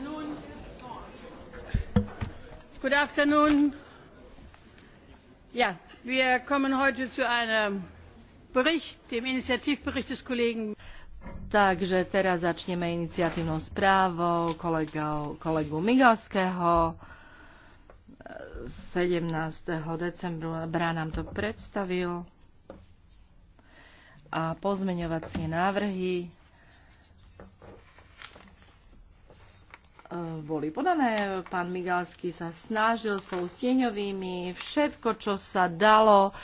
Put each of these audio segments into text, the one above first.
afternoon. Good afternoon. Ja, wir kommen heute zu einem Bericht, dem Initiativbericht des Kollegen. Takže teraz začneme iniciatívnou správou kolegov, kolegu Migalského. 17. decembra nám to predstavil. A pozmeňovacie návrhy boli podané. Pán Migalský sa snažil spolu s tieňovými všetko, čo sa dalo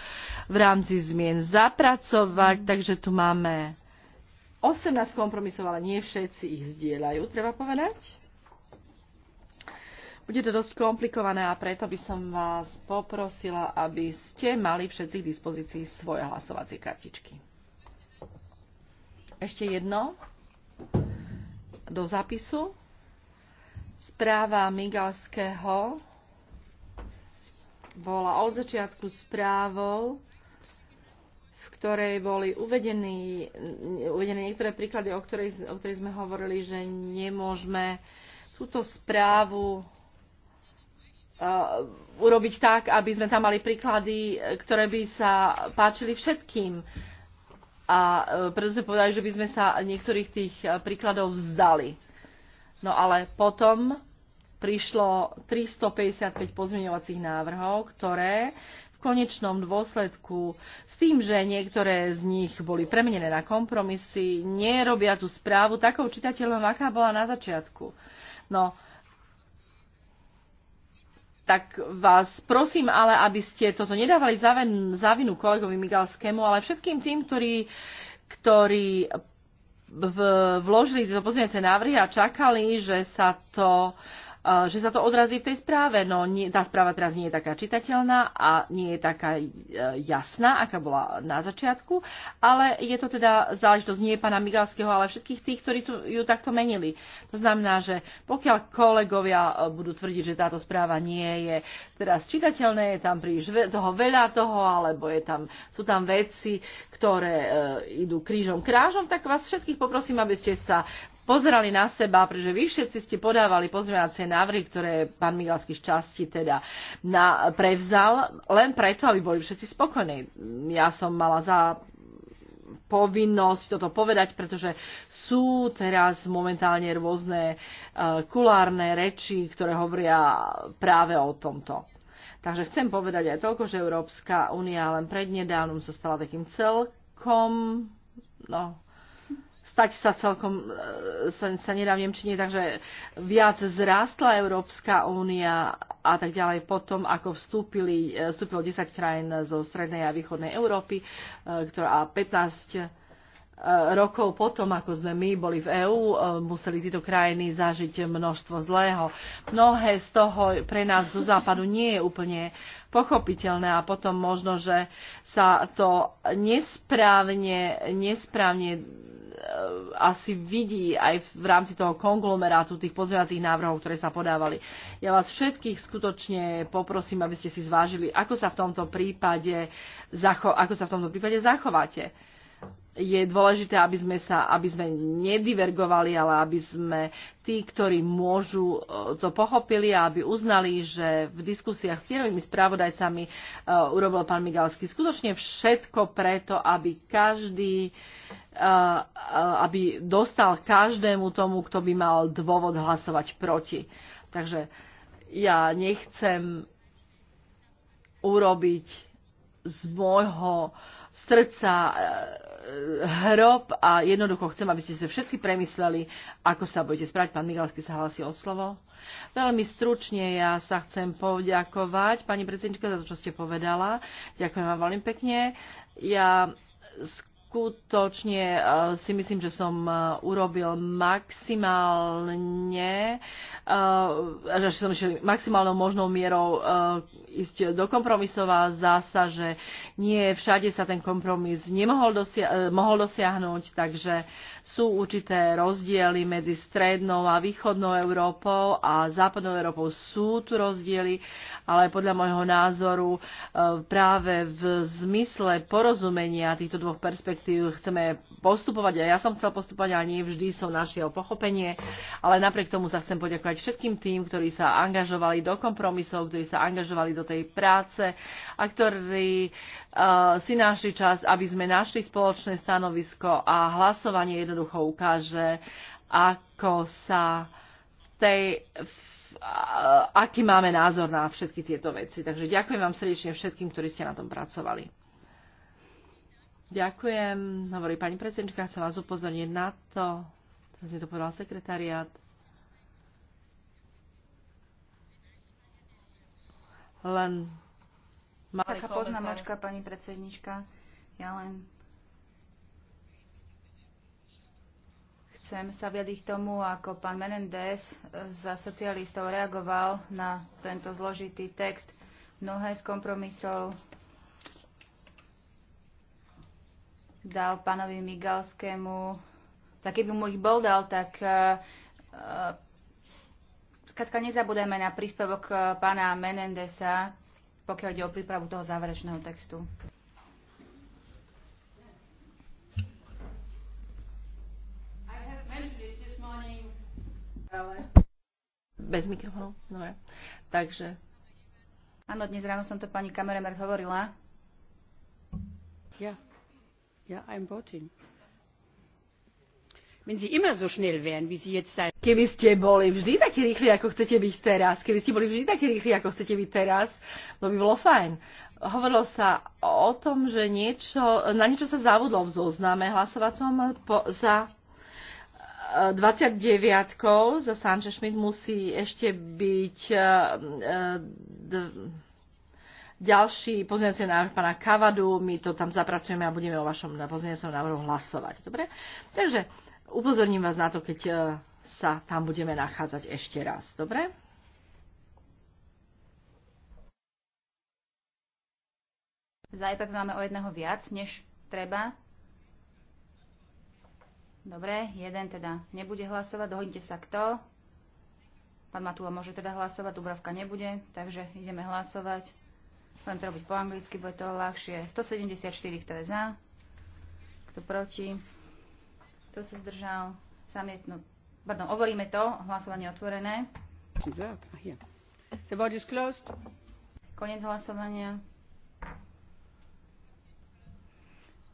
v rámci zmien zapracovať, mhm. takže tu máme 18 kompromisov, ale nie všetci ich zdieľajú, treba povedať. Bude to dosť komplikované a preto by som vás poprosila, aby ste mali všetci k dispozícii svoje hlasovacie kartičky. Ešte jedno do zápisu. Správa Migalského bola od začiatku správou, v ktorej boli uvedení, uvedené niektoré príklady, o ktorej, o ktorej sme hovorili, že nemôžeme túto správu Uh, urobiť tak, aby sme tam mali príklady, ktoré by sa páčili všetkým. A uh, preto sme povedali, že by sme sa niektorých tých e, príkladov vzdali. No ale potom prišlo 355 pozmeňovacích návrhov, ktoré v konečnom dôsledku s tým, že niektoré z nich boli premenené na kompromisy, nerobia tú správu takou čitateľom, aká bola na začiatku. No, tak vás prosím ale, aby ste toto nedávali za vinu kolegovi Migalskému, ale všetkým tým, ktorí, ktorí vložili tieto pozmeňujúce návrhy a čakali, že sa to že sa to odrazí v tej správe. No nie, tá správa teraz nie je taká čitateľná a nie je taká e, jasná, aká bola na začiatku, ale je to teda záležitosť nie pána Migalského, ale všetkých tých, ktorí tu, ju takto menili. To znamená, že pokiaľ kolegovia e, budú tvrdiť, že táto správa nie je teraz čitateľné, je tam príliš toho veľa toho, alebo je tam, sú tam veci, ktoré e, idú krížom krážom, tak vás všetkých poprosím, aby ste sa pozerali na seba, pretože vy všetci ste podávali pozmeňovacie návrhy, ktoré pán Migalský z časti teda na, prevzal, len preto, aby boli všetci spokojní. Ja som mala za povinnosť toto povedať, pretože sú teraz momentálne rôzne e, kulárne reči, ktoré hovoria práve o tomto. Takže chcem povedať aj toľko, že Európska únia len prednedávnom sa stala takým celkom, no, stať sa celkom, e, sa, sa nedá v Nemčine, takže viac zrástla Európska únia a tak ďalej potom, ako vstúpili, e, vstúpilo 10 krajín zo strednej a východnej Európy e, ktorá, a 15 rokov potom, ako sme my boli v EÚ, museli títo krajiny zažiť množstvo zlého. Mnohé z toho pre nás zo západu nie je úplne pochopiteľné a potom možno, že sa to nesprávne, nesprávne Eh, asi vidí aj v rámci toho konglomerátu tých pozrievacích návrhov, ktoré sa podávali. Ja vás všetkých skutočne poprosím, aby ste si zvážili, ako sa v tomto prípade, ako sa v tomto prípade zachováte je dôležité, aby sme, sa, aby sme nedivergovali, ale aby sme tí, ktorí môžu, e, to pochopili a aby uznali, že v diskusiách s cieľovými spravodajcami uh, urobil pán Migalský skutočne všetko preto, aby každý uh, aby dostal každému tomu, kto by mal dôvod hlasovať proti. Takže ja nechcem urobiť z môjho uh, srdca e, hrob a jednoducho chcem, aby ste si všetci premysleli, ako sa budete správať. Pán Migalský sa hlási o slovo. Veľmi stručne ja sa chcem poďakovať pani predsednička za to, čo ste povedala. Ďakujem vám veľmi pekne. Ja skutočne e, si myslím, že som e, urobil maximálne, e, že som išiel maximálnou možnou mierou ísť do kompromisov a zdá sa, že nie všade sa ten kompromis nemohol dosia- mohol dosiahnuť, takže sú určité rozdiely medzi strednou a východnou Európou a západnou Európou sú tu rozdiely, ale podľa môjho názoru práve v zmysle porozumenia týchto dvoch perspektív perspektív chceme postupovať a ja som chcel postupovať, ale nie vždy som našiel pochopenie. Ale napriek tomu sa chcem poďakovať všetkým tým, ktorí sa angažovali do kompromisov, ktorí sa angažovali do tej práce a ktorí eh, si našli čas, aby sme našli spoločné stanovisko a hlasovanie jednoducho ukáže, ako sa v tej eh, aký máme názor na všetky tieto veci. Takže ďakujem vám srdečne všetkým, ktorí ste na tom pracovali. Ďakujem, hovorí pani predsednička, chcem vás upozorniť na to, teraz mi to povedal sekretariat, len malé Taká poznámočka, pani predsednička, ja len chcem sa k tomu, ako pán Menendez za socialistov reagoval na tento zložitý text. Mnohé z kompromisov dal pánovi Migalskému, tak keby mu ich bol dal, tak eh, eh, Skladka nezabudeme na príspevok eh, pána Menendesa, pokiaľ ide o prípravu toho záverečného textu. Bez mikrofónu? Dobre. Takže. Áno, dnes ráno som to pani kameramer hovorila. Ja. Yeah. I'm voting. Wenn Sie immer so schnell wären, wie Sie jetzt sein. Keby ste boli vždy takí rýchli, ako chcete byť teraz, keby ste boli vždy takí rýchli, ako chcete byť teraz, to by bolo fajn. Hovorilo sa o tom, že niečo, na niečo sa závodlo v zozname hlasovacom po, za 29 eh, za Sanchez Schmidt musí ešte byť uh, ďalší pozmeňujúci návrh pána Kavadu, my to tam zapracujeme a budeme o vašom pozmeňujúcom návrhu hlasovať. Dobre? Takže upozorním vás na to, keď e, sa tam budeme nachádzať ešte raz. Dobre? Za EPP máme o jedného viac, než treba. Dobre, jeden teda nebude hlasovať. Dohodnite sa kto. Pán Matula môže teda hlasovať, Dubravka nebude, takže ideme hlasovať. Budem to robiť po anglicky, bude to ľahšie. 174, kto je za, kto proti, kto sa zdržal, samietnú. Pardon, overíme to, hlasovanie otvorené. The vote is closed. Konec hlasovania.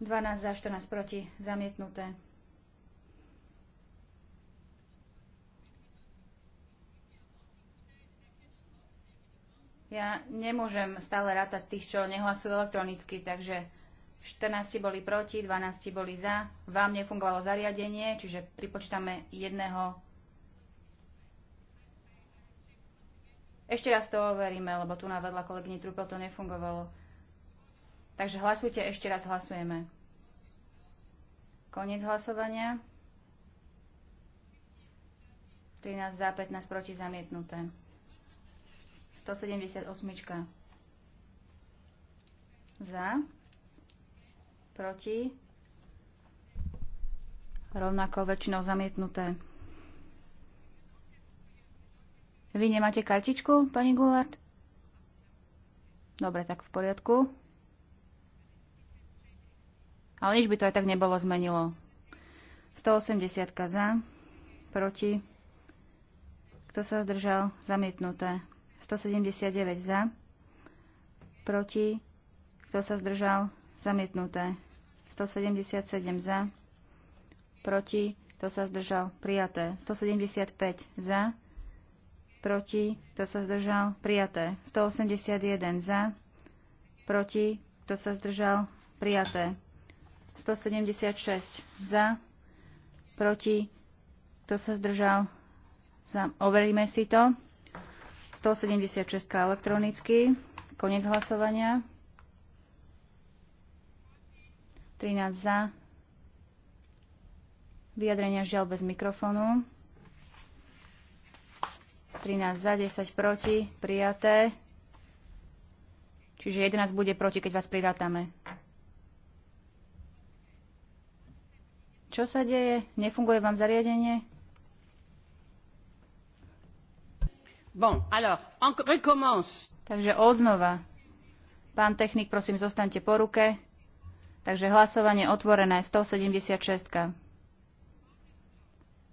12 za, 14 proti, zamietnuté. Ja nemôžem stále rátať tých, čo nehlasujú elektronicky, takže 14 boli proti, 12 boli za, vám nefungovalo zariadenie, čiže pripočtame jedného. Ešte raz to overíme, lebo tu na vedľa kolegyni Trupel to nefungovalo. Takže hlasujte, ešte raz hlasujeme. Koniec hlasovania. 13 za, 15 proti zamietnuté. 178. Za. Proti. Rovnako väčšinou zamietnuté. Vy nemáte kartičku, pani Gulard? Dobre, tak v poriadku. Ale nič by to aj tak nebolo zmenilo. 180 za, proti. Kto sa zdržal? Zamietnuté. 179 za, proti, kto sa zdržal, zamietnuté. 177 za, proti, kto sa zdržal, prijaté. 175 za, proti, kto sa zdržal, prijaté. 181 za, proti, kto sa zdržal, prijaté. 176 za, proti, kto sa zdržal, za, overíme si to. 176 elektronicky. Konec hlasovania. 13 za. Vyjadrenia žiaľ bez mikrofónu. 13 za, 10 proti, prijaté. Čiže 11 bude proti, keď vás prirátame. Čo sa deje? Nefunguje vám zariadenie? Bon, alors, on recommence. Takže odznova. Pán technik, prosím, zostaňte po ruke. Takže hlasovanie otvorené 176.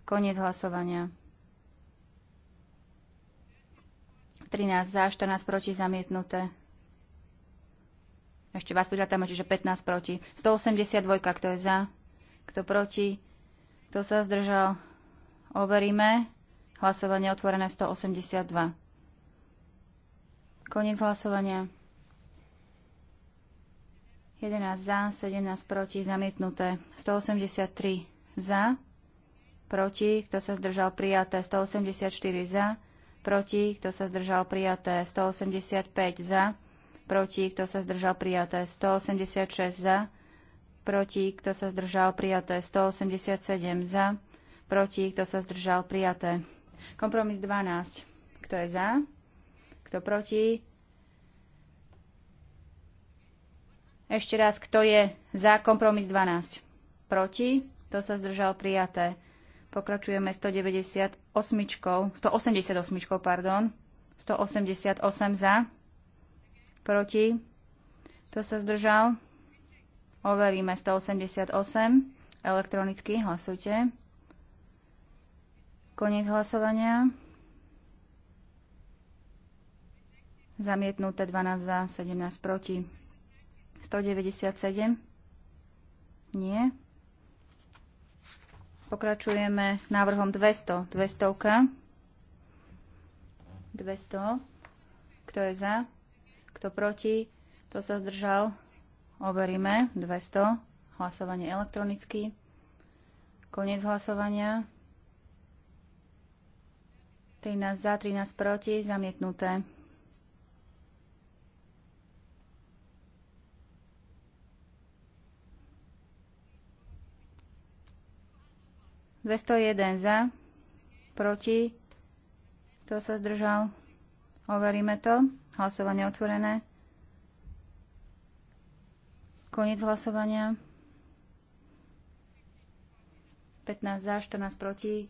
Koniec hlasovania. 13 za, 14 proti zamietnuté. Ešte vás požiadame, čiže 15 proti. 182, kto je za, kto proti, kto sa zdržal. Overíme. Hlasovanie otvorené 182. Koniec hlasovania. 11 za, 17 proti, zamietnuté. 183 za, proti, kto sa zdržal prijaté, 184 za, proti, kto sa zdržal prijaté, 185 za, proti, kto sa zdržal prijaté, 186 za, proti, kto sa zdržal prijaté, 187 za, proti, kto sa zdržal prijaté. Kompromis 12. Kto je za? Kto proti? Ešte raz, kto je za kompromis 12? Proti? To sa zdržal prijaté. Pokračujeme 198, 188, pardon. 188 za. Proti? To sa zdržal. Overíme 188 elektronicky, hlasujte. Koniec hlasovania. Zamietnuté 12 za, 17 proti. 197. Nie. Pokračujeme návrhom 200. 200. 200. Kto je za? Kto proti? Kto sa zdržal? Overíme. 200. Hlasovanie elektronicky. Koniec hlasovania. 13 za, 13 proti, zamietnuté. Dvesto jeden za, proti, kto sa zdržal? Overíme to. Hlasovanie otvorené. Koniec hlasovania. 15 za, 14 proti,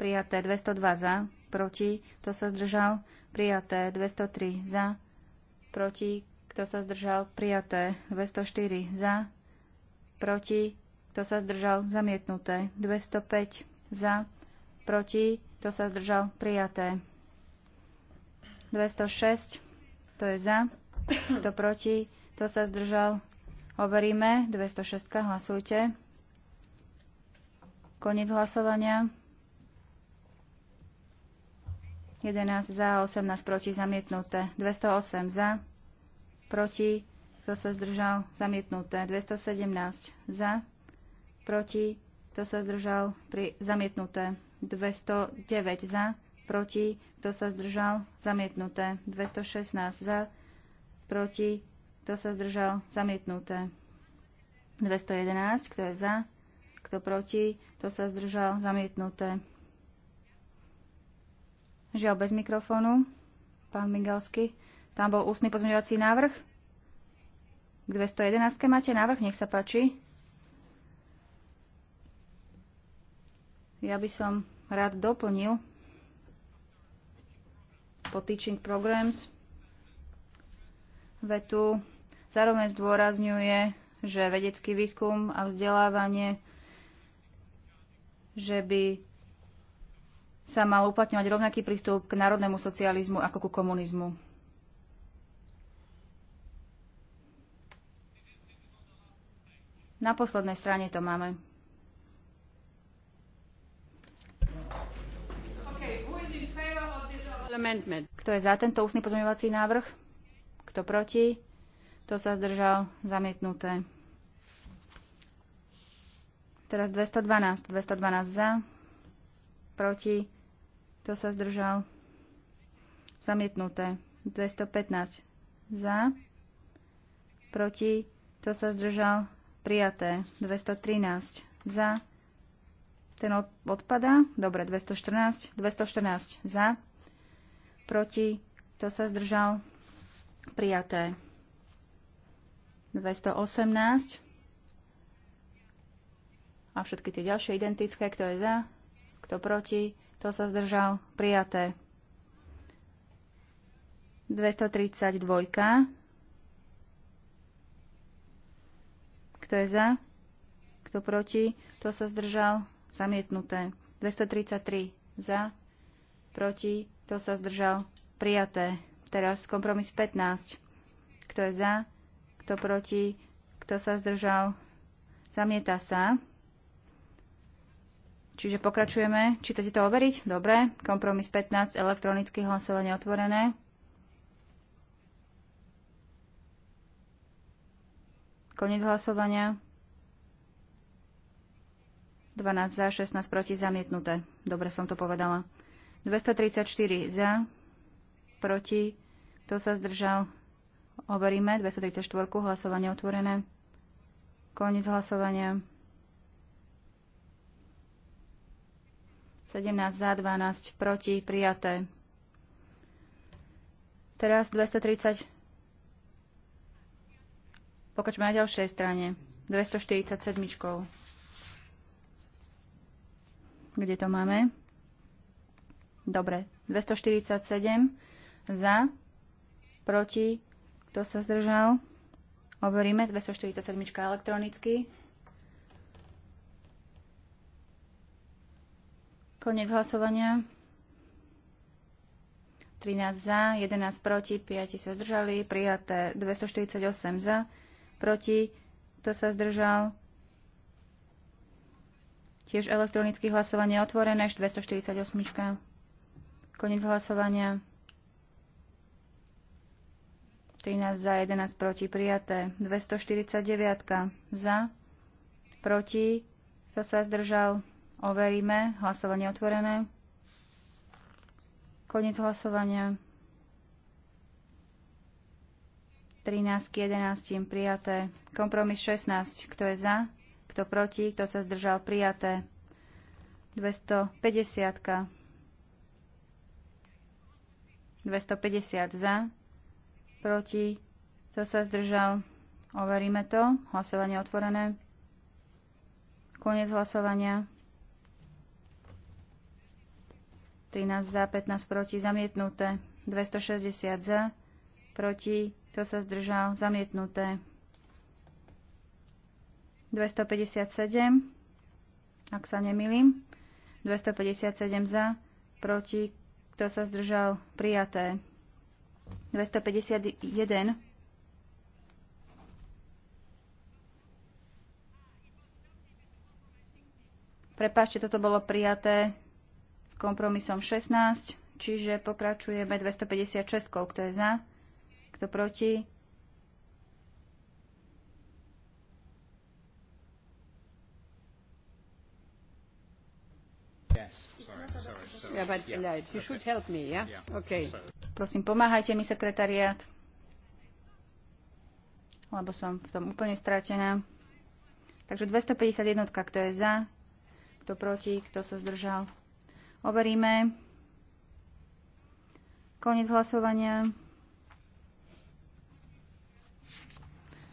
prijaté 202 za proti, kto sa zdržal, prijaté 203 za, proti, kto sa zdržal, prijaté 204 za, proti, kto sa zdržal, zamietnuté 205 za, proti, kto sa zdržal, prijaté 206, to je za, kto proti, kto sa zdržal, overíme 206, hlasujte. Koniec hlasovania. 11 za, 18 proti, zamietnuté. 208 za, proti, kto sa zdržal, zamietnuté. 217 za, proti, kto sa zdržal, pri, zamietnuté. 209 za, proti, kto sa zdržal, zamietnuté. 216 za, proti, kto sa zdržal, zamietnuté. 211, kto je za, kto proti, kto sa zdržal, zamietnuté. Žiaľ, bez mikrofónu. Pán Migalsky. Tam bol ústny pozmeňovací návrh. K 211 máte návrh, nech sa páči. Ja by som rád doplnil po Teaching Programs vetu. Zároveň zdôrazňuje, že vedecký výskum a vzdelávanie, že by sa mal uplatňovať rovnaký prístup k národnému socializmu ako ku komunizmu. Na poslednej strane to máme. Kto je za tento ústny pozmeňovací návrh? Kto proti? Kto sa zdržal? Zamietnuté. Teraz 212. 212 za proti, kto sa zdržal, zamietnuté. 215 za, proti, kto sa zdržal, prijaté. 213 za, ten odpadá, dobre, 214, 214 za, proti, kto sa zdržal, prijaté. 218 a všetky tie ďalšie identické, kto je za, kto proti? Kto sa zdržal? Prijaté. 232. Kto je za? Kto proti? Kto sa zdržal? Zamietnuté. 233. Za? Proti? Kto sa zdržal? Prijaté. Teraz kompromis 15. Kto je za? Kto proti? Kto sa zdržal? Zamieta sa. Čiže pokračujeme. Či chcete to overiť? Dobre. Kompromis 15, elektronické hlasovanie otvorené. Koniec hlasovania. 12 za, 16 proti, zamietnuté. Dobre som to povedala. 234 za, proti, kto sa zdržal? Overíme. 234, hlasovanie otvorené. Koniec hlasovania. 17 za, 12 proti, prijaté. Teraz 230. Pokačme na ďalšej strane. 247. Kde to máme? Dobre. 247 za, proti, kto sa zdržal? Overíme 247 elektronicky. Konec hlasovania. 13 za, 11 proti, 5 sa zdržali, prijaté 248 za, proti, kto sa zdržal, Tiež elektronické hlasovanie otvorené, 248. Konec hlasovania. 13 za, 11 proti, prijaté. 249 za, proti, kto sa zdržal, Overíme. Hlasovanie otvorené. Koniec hlasovania. 13 k 11 prijaté. Kompromis 16. Kto je za? Kto proti? Kto sa zdržal? Prijaté. 250. 250 za. Proti. Kto sa zdržal? Overíme to. Hlasovanie otvorené. Koniec hlasovania. 13 za, 15 proti, zamietnuté. 260 za, proti, kto sa zdržal, zamietnuté. 257, ak sa nemýlim, 257 za, proti, kto sa zdržal, prijaté. 251. Prepáčte, toto bolo prijaté s kompromisom 16, čiže pokračujeme 256, kto je za, kto proti. Prosím, pomáhajte mi, sekretariat, lebo som v tom úplne stratená. Takže 251, kto je za, kto proti, kto sa zdržal. Overíme. Koniec hlasovania.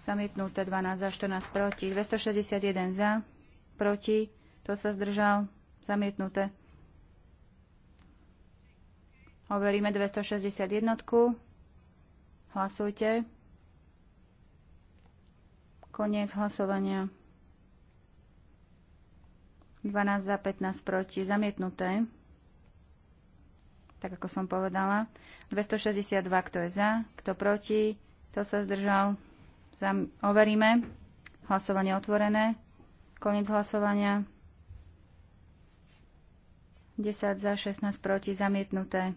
Zamietnuté 12 za 14 proti. 261 za. Proti. To sa zdržal. Zamietnuté. Overíme 261. Hlasujte. Koniec hlasovania. 12 za 15 proti. Zamietnuté tak ako som povedala. 262, kto je za, kto proti, kto sa zdržal, zam- overíme. Hlasovanie otvorené. Koniec hlasovania. 10 za, 16 proti, zamietnuté.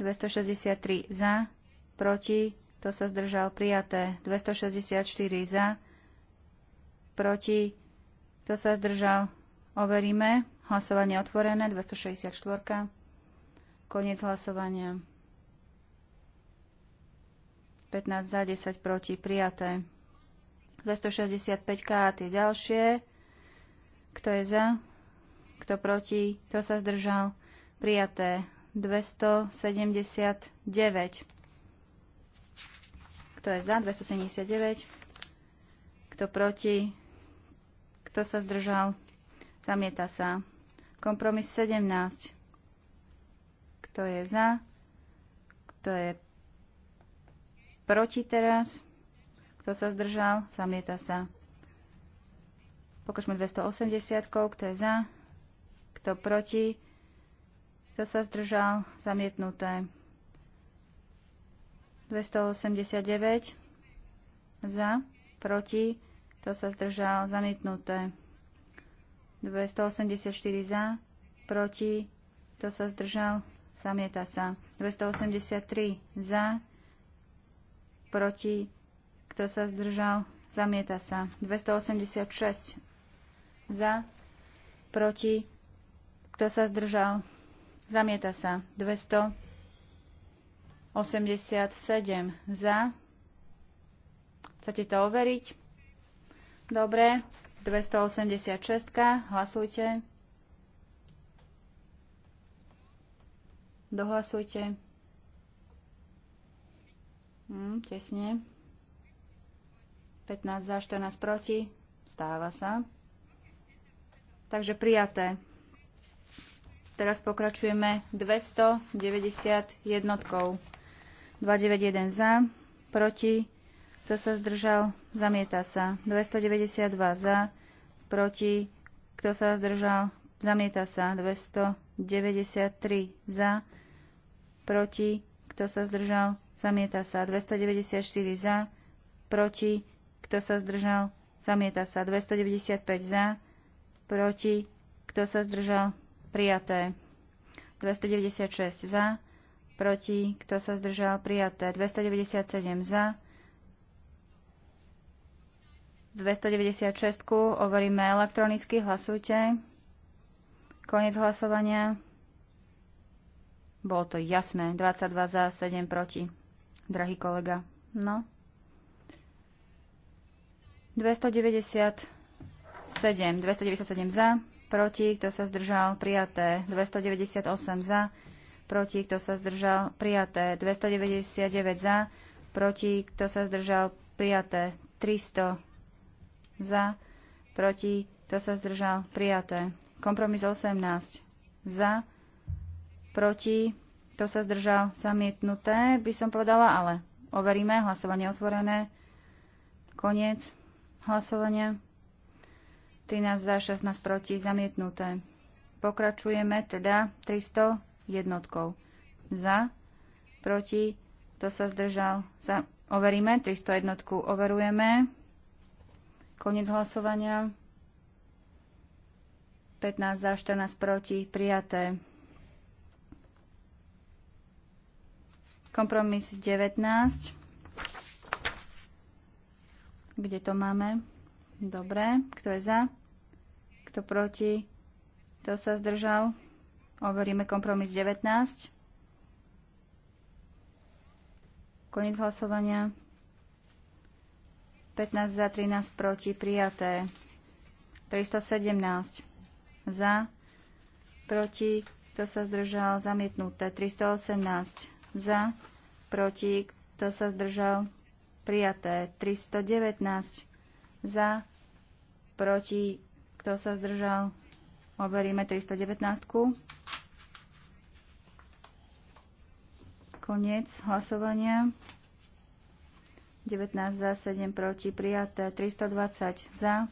263 za, proti, to sa zdržal, prijaté. 264 za, proti, to sa zdržal, overíme. Hlasovanie otvorené, 264. Koniec hlasovania. 15 za 10 proti prijaté. 265K a tie ďalšie. Kto je za? Kto proti? Kto sa zdržal? Prijaté. 279. Kto je za? 279. Kto proti? Kto sa zdržal? Zamieta sa. Kompromis 17. Kto je za? Kto je proti teraz? Kto sa zdržal? Zamieta sa. Pokažme 280. Kto je za? Kto proti? Kto sa zdržal? Zamietnuté. 289. Za? Proti? Kto sa zdržal? Zamietnuté. 284 za, proti, kto sa zdržal, Zamieta sa. 283 za. Proti. Kto sa zdržal? Zamieta sa. 286 za. Proti. Kto sa zdržal? Zamieta sa. 287 za. Chcete to overiť? Dobre. 286. Hlasujte. Dohlasujte. Hm, tesne. 15 za, 14 proti. Stáva sa. Takže prijaté. Teraz pokračujeme 290 jednotkou. 291 za, proti, kto sa zdržal, zamieta sa. 292 za, proti, kto sa zdržal, zamieta sa. 200 93 za, proti, kto sa zdržal, zamieta sa 294 za, proti, kto sa zdržal, zamieta sa 295 za, proti, kto sa zdržal, prijaté 296 za, proti, kto sa zdržal, prijaté 297 za, 296 overíme elektronicky, hlasujte. Konec hlasovania. Bolo to jasné. 22 za, 7 proti. Drahý kolega. No. 297. 297 za. Proti, kto sa zdržal, prijaté. 298 za. Proti, kto sa zdržal, prijaté. 299 za. Proti, kto sa zdržal, prijaté. 300 za. Proti, kto sa zdržal, prijaté. Kompromis 18 za, proti, to sa zdržal zamietnuté, by som povedala, ale overíme, hlasovanie otvorené, koniec hlasovania, 13 za, 16 proti, zamietnuté. Pokračujeme teda 300 jednotkou. Za, proti, to sa zdržal, za, overíme, 300 jednotku overujeme, koniec hlasovania, 15 za, 14 proti, prijaté. Kompromis 19. Kde to máme? Dobre. Kto je za? Kto proti? Kto sa zdržal? Overíme kompromis 19. Koniec hlasovania. 15 za, 13 proti, prijaté. 317 za, proti, kto sa zdržal, zamietnuté. 318 za, proti, kto sa zdržal, prijaté. 319 za, proti, kto sa zdržal, overíme 319. Koniec hlasovania. 19 za, 7 proti, prijaté, 320 za,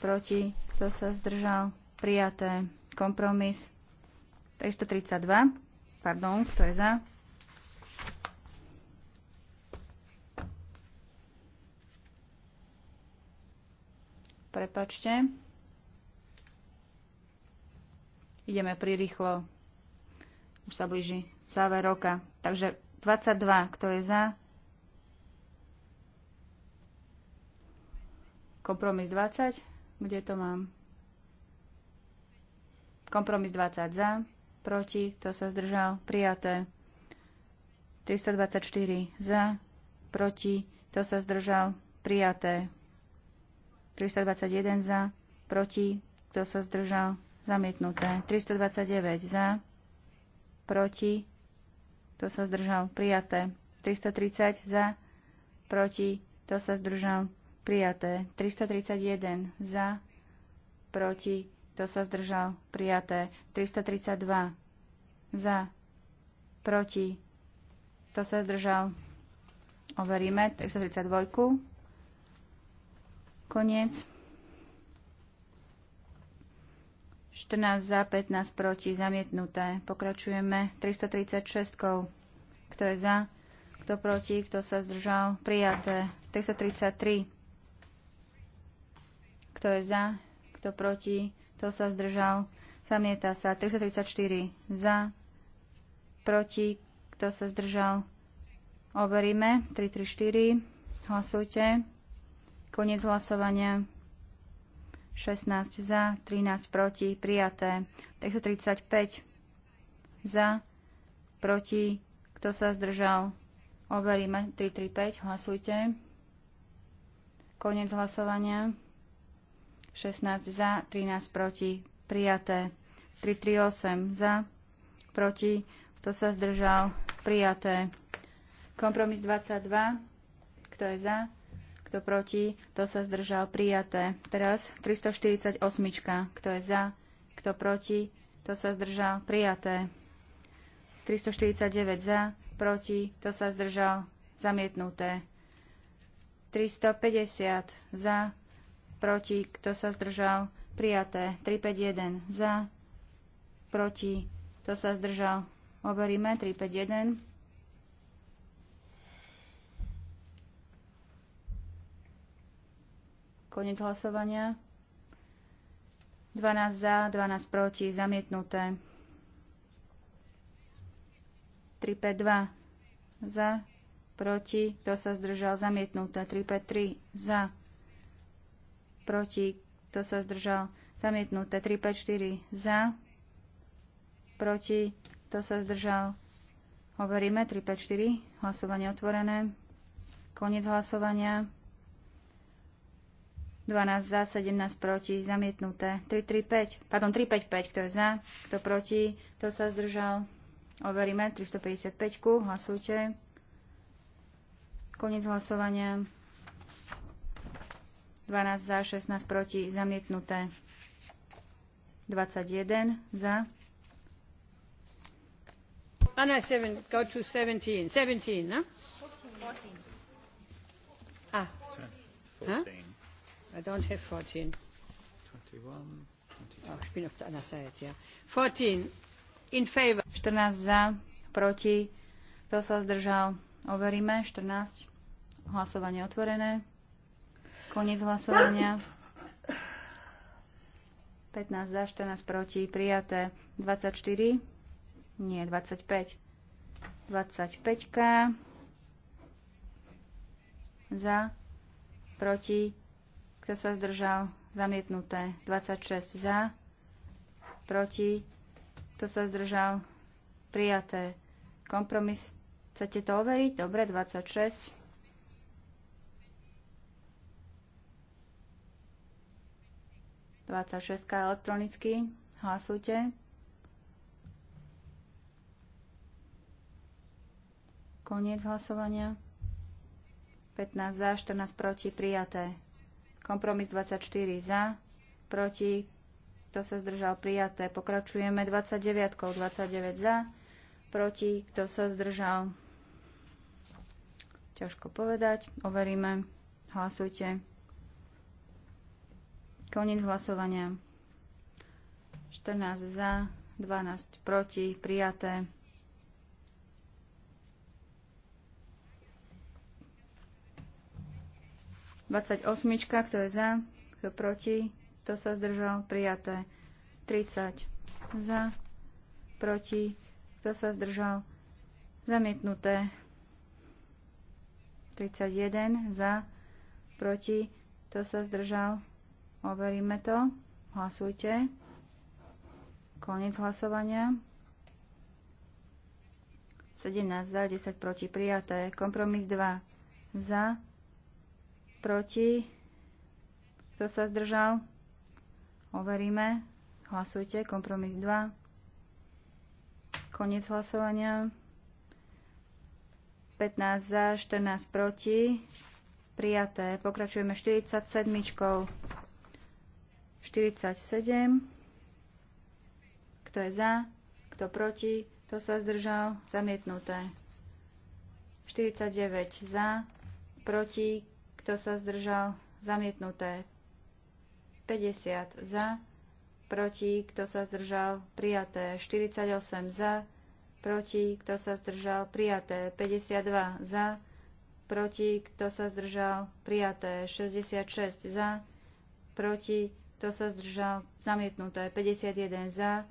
proti, kto sa zdržal, prijaté. Kompromis 332, pardon, kto je za? Prepačte. Ideme prirýchlo. Už sa blíži záver roka. Takže 22, kto je za? Kompromis 20. Kde to mám? Kompromis 20 za, proti, kto sa zdržal, prijaté. 324 za, proti, to sa zdržal, prijaté. 321 za, proti, kto sa zdržal, zamietnuté. 329 za, proti, kto sa zdržal, prijaté. 330 za, proti, to sa zdržal, prijaté. 331 za, proti, kto sa zdržal? Prijaté. 332. Za. Proti. Kto sa zdržal? Overíme. 332. Koniec. 14 za, 15 proti, zamietnuté. Pokračujeme 336. Kto je za? Kto proti? Kto sa zdržal? Prijaté. 333. Kto je za? Kto proti? Kto sa zdržal? Zamieta sa. 334 za. Proti. Kto sa zdržal? Overíme. 334. Hlasujte. Koniec hlasovania. 16 za, 13 proti, prijaté. 35 za, proti, kto sa zdržal? Overíme 335, hlasujte. Koniec hlasovania. 16 za, 13 proti, prijaté. 338 za, proti, kto sa zdržal, prijaté. Kompromis 22, kto je za, kto proti, kto sa zdržal, prijaté. Teraz 348, kto je za, kto proti, kto sa zdržal, prijaté. 349 za, proti, kto sa zdržal, zamietnuté. 350 za, proti, kto sa zdržal, prijaté. 351 za, proti, kto sa zdržal, overíme. 351. Konec hlasovania. 12 za, 12 proti, zamietnuté. 352 za, proti, kto sa zdržal, zamietnuté. 353 za, proti, kto sa zdržal, zamietnuté 354 za, proti, kto sa zdržal, hovoríme 4, hlasovanie otvorené, koniec hlasovania, 12 za, 17 proti, zamietnuté 5, pardon 3 5, kto je za, kto proti, kto sa zdržal, overíme 355, hlasujte, koniec hlasovania, 12 za, 16 proti, zamietnuté. 21 za. Anna, ah, no, seven, go to 17. 17, no? 14. Ah. 14. Huh? I don't have 14. 21. 22. Oh, ich bin auf der anderen Seite, ja. 14. In favor. 14 za, proti. Kto sa zdržal? Overíme. 14. Hlasovanie otvorené. Koniec hlasovania. 15 za, 14 proti, prijaté 24, nie 25, 25 za, proti, kto sa zdržal, zamietnuté 26 za, proti, kto sa zdržal, prijaté kompromis. Chcete to overiť? Dobre, 26. 26 elektronicky. Hlasujte. Koniec hlasovania. 15 za, 14 proti, prijaté. Kompromis 24 za, proti, kto sa zdržal, prijaté. Pokračujeme 29, 29 za, proti, kto sa zdržal. Ťažko povedať, overíme. Hlasujte. Koniec hlasovania. 14 za, 12 proti, prijaté. Dvadsať osmička, kto je za, kto proti, kto sa zdržal, prijaté. 30 za, proti, kto sa zdržal, zamietnuté. 31 za, proti, kto sa zdržal, Overíme to. Hlasujte. Koniec hlasovania. 17 za, 10 proti prijaté. Kompromis 2 za, proti. Kto sa zdržal? Overíme. Hlasujte. Kompromis 2. Koniec hlasovania. 15 za, 14 proti. Prijaté. Pokračujeme 47. 47. Kto je za? Kto proti? Kto sa zdržal? Zamietnuté. 49 za, proti, kto sa zdržal? Zamietnuté. 50 za, proti, kto sa zdržal? Prijaté. 48 za, proti, kto sa zdržal? Prijaté. 52 za, proti, kto sa zdržal? Prijaté. 66 za, proti, kto sa zdržal, zamietnuté 51 za,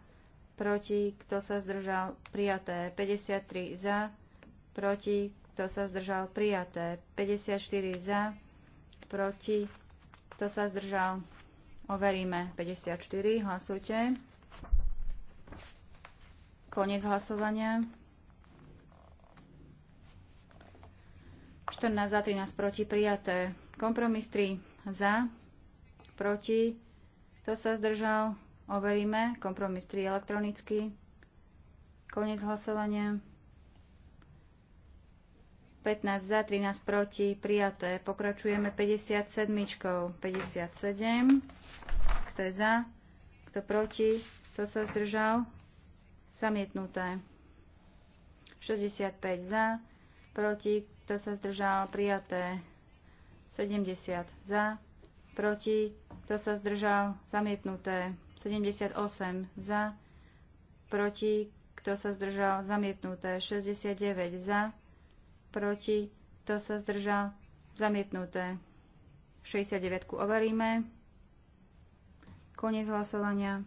proti, kto sa zdržal, prijaté 53 za, proti, kto sa zdržal, prijaté 54 za, proti, kto sa zdržal, overíme 54, hlasujte. Koniec hlasovania. 14 za 13 proti prijaté. Kompromis 3 za, proti, kto sa zdržal? Overíme. Kompromis 3 elektronicky. Koniec hlasovania. 15 za, 13 proti, prijaté. Pokračujeme 57. 57. Kto je za? Kto proti? Kto sa zdržal? Zamietnuté. 65 za, proti, kto sa zdržal, prijaté. 70 za, proti, kto sa zdržal, zamietnuté. 78 za, proti, kto sa zdržal, zamietnuté. 69 za, proti, kto sa zdržal, zamietnuté. 69 overíme. Koniec hlasovania.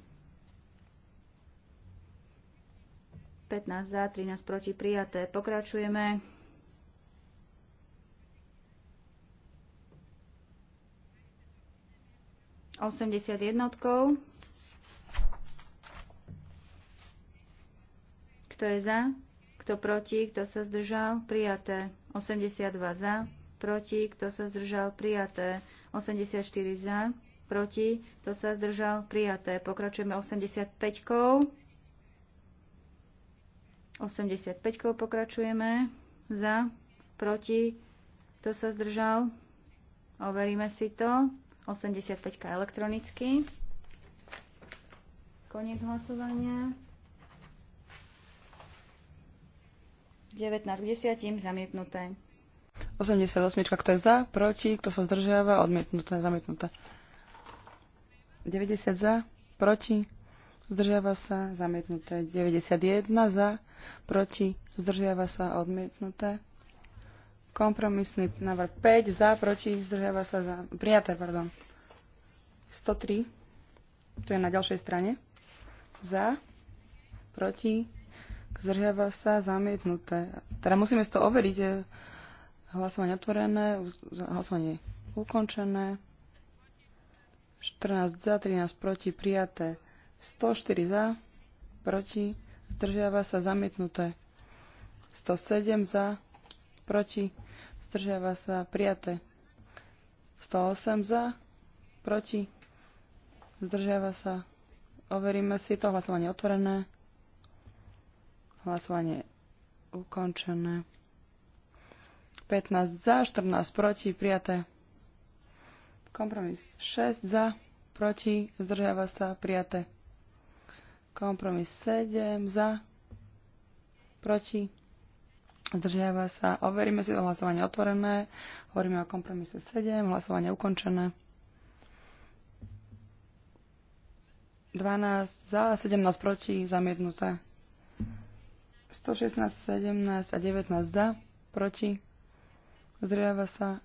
15 za, 13 proti prijaté. Pokračujeme. 81. Kto je za? Kto proti? Kto sa zdržal? Prijaté. 82 za. Proti? Kto sa zdržal? Prijaté. 84 za. Proti? Kto sa zdržal? Prijaté. Pokračujeme 85. 85 pokračujeme. Za. Proti? Kto sa zdržal? Overíme si to. 85 elektronicky. Koniec hlasovania. 19 k 10, zamietnuté. 88, kto je za, proti, kto sa zdržiava, odmietnuté, zamietnuté. 90 za, proti, zdržiava sa, zamietnuté. 91 za, proti, zdržiava sa, odmietnuté. Kompromisný návrh 5 za, proti, zdržiava sa za... Prijaté, pardon. 103. To je na ďalšej strane. Za, proti, zdržiava sa, zamietnuté. Teda musíme si to overiť. Hlasovanie otvorené, hlasovanie ukončené. 14 za, 13 proti, prijaté. 104 za, proti, zdržiava sa, zamietnuté. 107 za, proti, zdržiava sa, prijaté. 108 za, proti, zdržiava sa. Overíme si to, hlasovanie otvorené, hlasovanie ukončené. 15 za, 14 proti, prijaté. Kompromis 6 za, proti, zdržiava sa, prijaté. Kompromis 7 za, proti, Zdržiava sa. Overíme si to hlasovanie otvorené. Hovoríme o kompromise 7. Hlasovanie ukončené. 12 za, 17 proti, zamietnuté. 116, 17 a 19 za, proti. Zdržiava sa.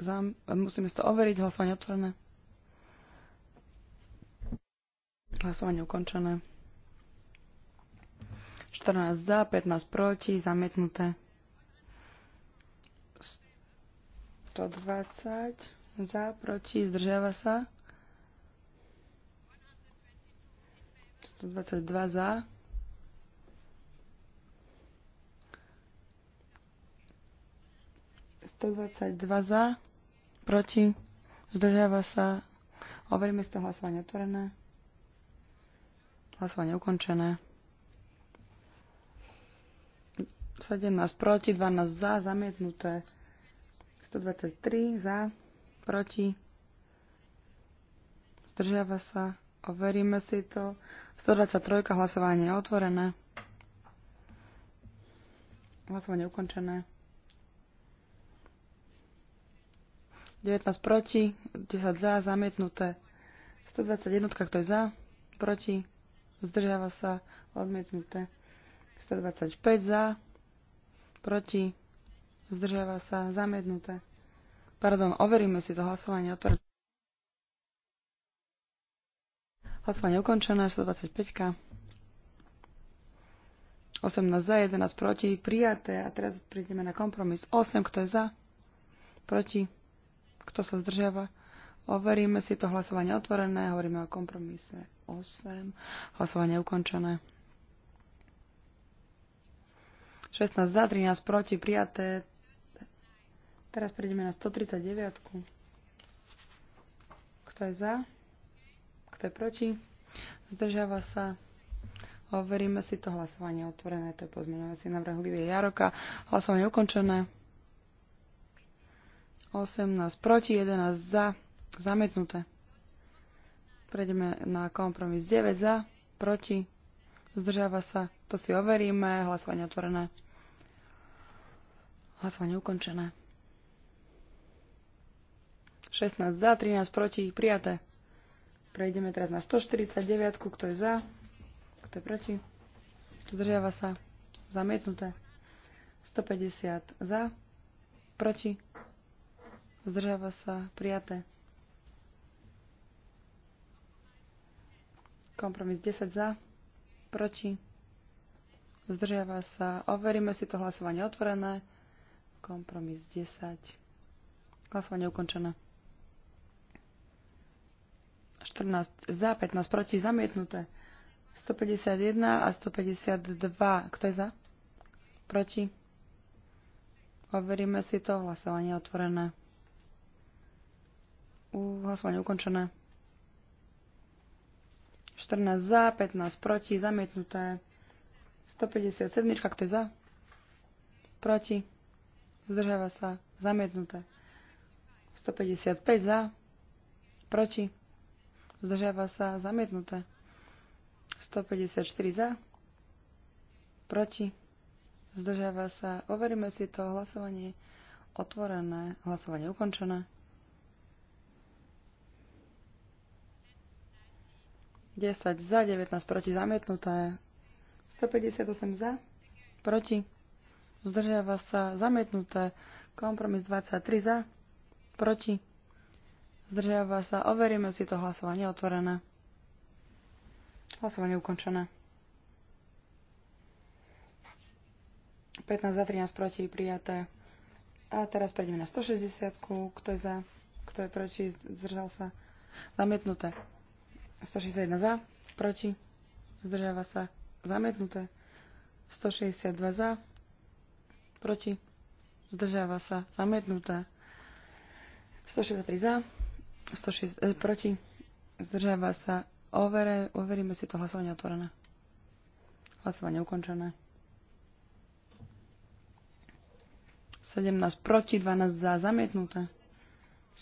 Zam, musíme si to overiť. Hlasovanie otvorené. Hlasovanie ukončené. 14 za, 15 proti, zamietnuté. 120 za, proti, zdržiava sa. 122 za. Sto dva za, proti, zdržiava sa. Overíme z toho hlasovanie otvorené. Hlasovanie ukončené. 117 proti, 12 za, zamietnuté. 123 za, proti. Zdržiava sa. Overíme si to. 123 hlasovanie je otvorené. Hlasovanie ukončené. 19 proti, 10 za, zamietnuté. 121, kto je za, proti, zdržiava sa, odmietnuté. 125 za, proti, zdržiava sa, zamietnuté. Pardon, overíme si to hlasovanie otvorené. Hlasovanie ukončené, 125. -ka. 18 za, 11 proti, prijaté. A teraz prídeme na kompromis. 8, kto je za? Proti? Kto sa zdržiava? Overíme si to hlasovanie otvorené, hovoríme o kompromise 8. Hlasovanie ukončené. 16 za, 13 proti, prijaté. Teraz prejdeme na 139. Kto je za? Kto je proti? Zdržiava sa. Overíme si to hlasovanie otvorené, to je pozmenovací návrh Livie Jaroka. Hlasovanie ukončené. 18 proti, 11 za, zamietnuté. Prejdeme na kompromis 9 za, proti, Zdržáva sa, to si overíme, hlasovanie otvorené, hlasovanie ukončené. 16 za, 13 proti, prijaté. Prejdeme teraz na 149, kto je za, kto je proti, zdržiava sa, zamietnuté. 150 za, proti, zdržiava sa, prijaté. Kompromis 10 za, Proti? Zdržiava sa. Overíme si to hlasovanie otvorené. Kompromis 10. Hlasovanie ukončené. 14 za, 15 proti, zamietnuté. 151 a 152. Kto je za? Proti? Overíme si to. Hlasovanie otvorené. U, hlasovanie ukončené. 14 za, 15 proti, zamietnuté. 157, kto je za? Proti. Zdržáva sa. Zamietnuté. 155 za. Proti. Zdržáva sa. Zamietnuté. 154 za. Proti. Zdržáva sa. Overíme si to hlasovanie otvorené, hlasovanie ukončené. 10 za, 19 proti zamietnuté. 158 za, proti. Zdržiava sa zamietnuté. Kompromis 23 za, proti. Zdržiava sa. Overíme si to hlasovanie otvorené. Hlasovanie ukončené. 15 za, 13 proti, prijaté. A teraz prejdeme na 160. Kto je za? Kto je proti? Zdržal sa? Zamietnuté. 161 za, proti, zdržava sa, zamietnuté. 162 za, proti, zdržava sa, zamietnuté. 163 za, 106, eh, proti, zdržava sa, Overe, overíme si to hlasovanie otvorené. Hlasovanie ukončené. 17 proti, 12 za, zamietnuté.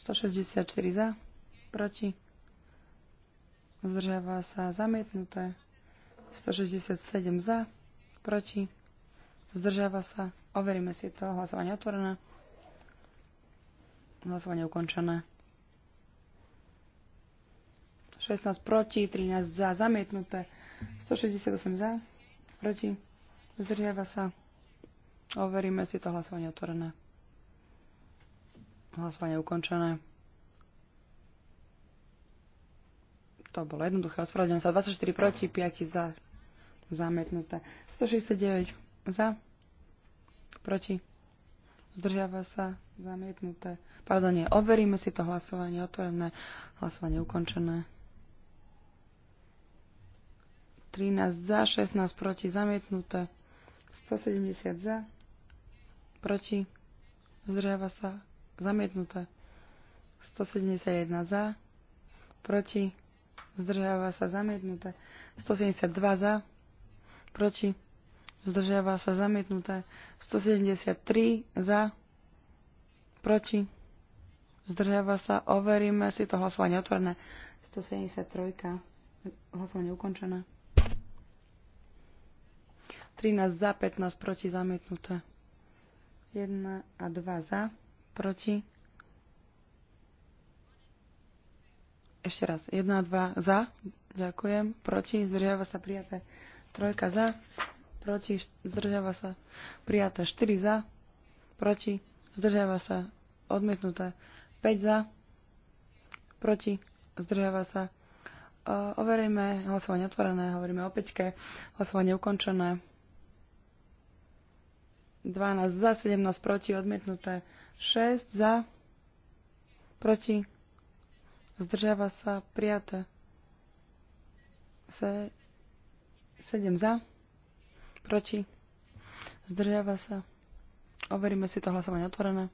164 za, proti, zdržiava sa zamietnuté, 167 za, proti, zdržiava sa, overíme si to, hlasovanie otvorené, hlasovanie ukončené. 16 proti, 13 za, zamietnuté, 168 za, proti, zdržiava sa, overíme si to, hlasovanie otvorené, hlasovanie ukončené. To bolo jednoduché, ospravedlňujem sa. 24 proti, 5 za. Zamietnuté. 169 za. Proti. Zdržiava sa. Zamietnuté. Pardon, nie. Overíme si to hlasovanie otvorené. Hlasovanie ukončené. 13 za, 16 proti, zamietnuté. 170 za, proti, zdržiava sa, zamietnuté. 171 za, proti, zdržiava sa zamietnuté. 172 za, proti, zdržiava sa zamietnuté. 173 za, proti, zdržiava sa, overíme si to hlasovanie otvorené. 173, hlasovanie ukončené. 13 za, 15 proti, zamietnuté. 1 a 2 za, proti, Ešte raz. 1 a 2 za. Ďakujem. Proti. Zdržiava sa prijaté. Trojka za. Proti. Zdržiava sa prijaté. 4 za. Proti. Zdržiava sa odmietnuté. 5 za. Proti. Zdržiava sa. Overíme hlasovanie otvorené, hovoríme o peťke, hlasovanie ukončené. 12 za, 17 proti, odmietnuté 6 za, proti, zdržiava sa, prijaté. sedem za, proti, zdržiava sa. Overíme si to hlasovanie otvorené.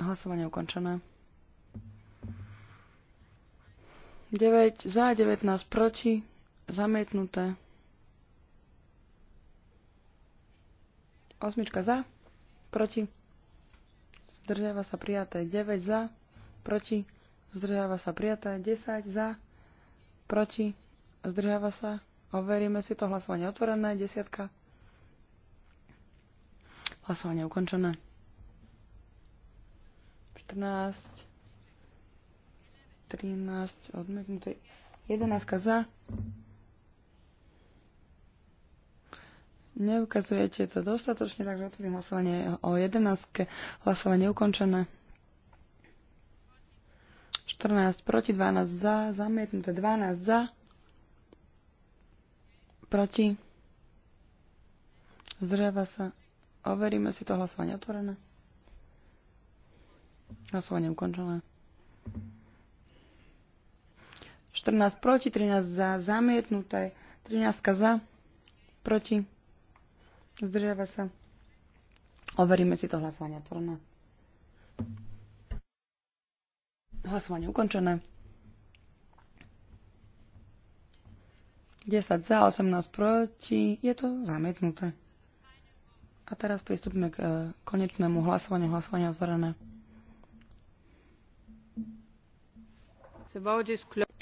Hlasovanie ukončené. 9 za, 19 proti, zamietnuté. Osmička za, proti, zdržiava sa prijaté, 9 za, proti, zdržáva sa prijaté, 10 za, proti, zdržáva sa, overíme si to hlasovanie otvorené, desiatka, hlasovanie ukončené, 14, 13, odmietnuté, 11 za, Neukazujete to dostatočne, takže otvorím hlasovanie o 11. Hlasovanie ukončené. 14 proti, 12 za, zamietnuté 12 za, proti, zdržiava sa. Overíme si to hlasovanie otvorené. Hlasovanie ukončené. 14 proti, 13 za, zamietnuté, 13 za, proti, zdržiava sa. Overíme si to hlasovanie otvorené. Hlasovanie ukončené. 10 za, 18 proti. Je to zamietnuté. A teraz pristúpime k e, konečnému hlasovaniu. Hlasovanie otvorené.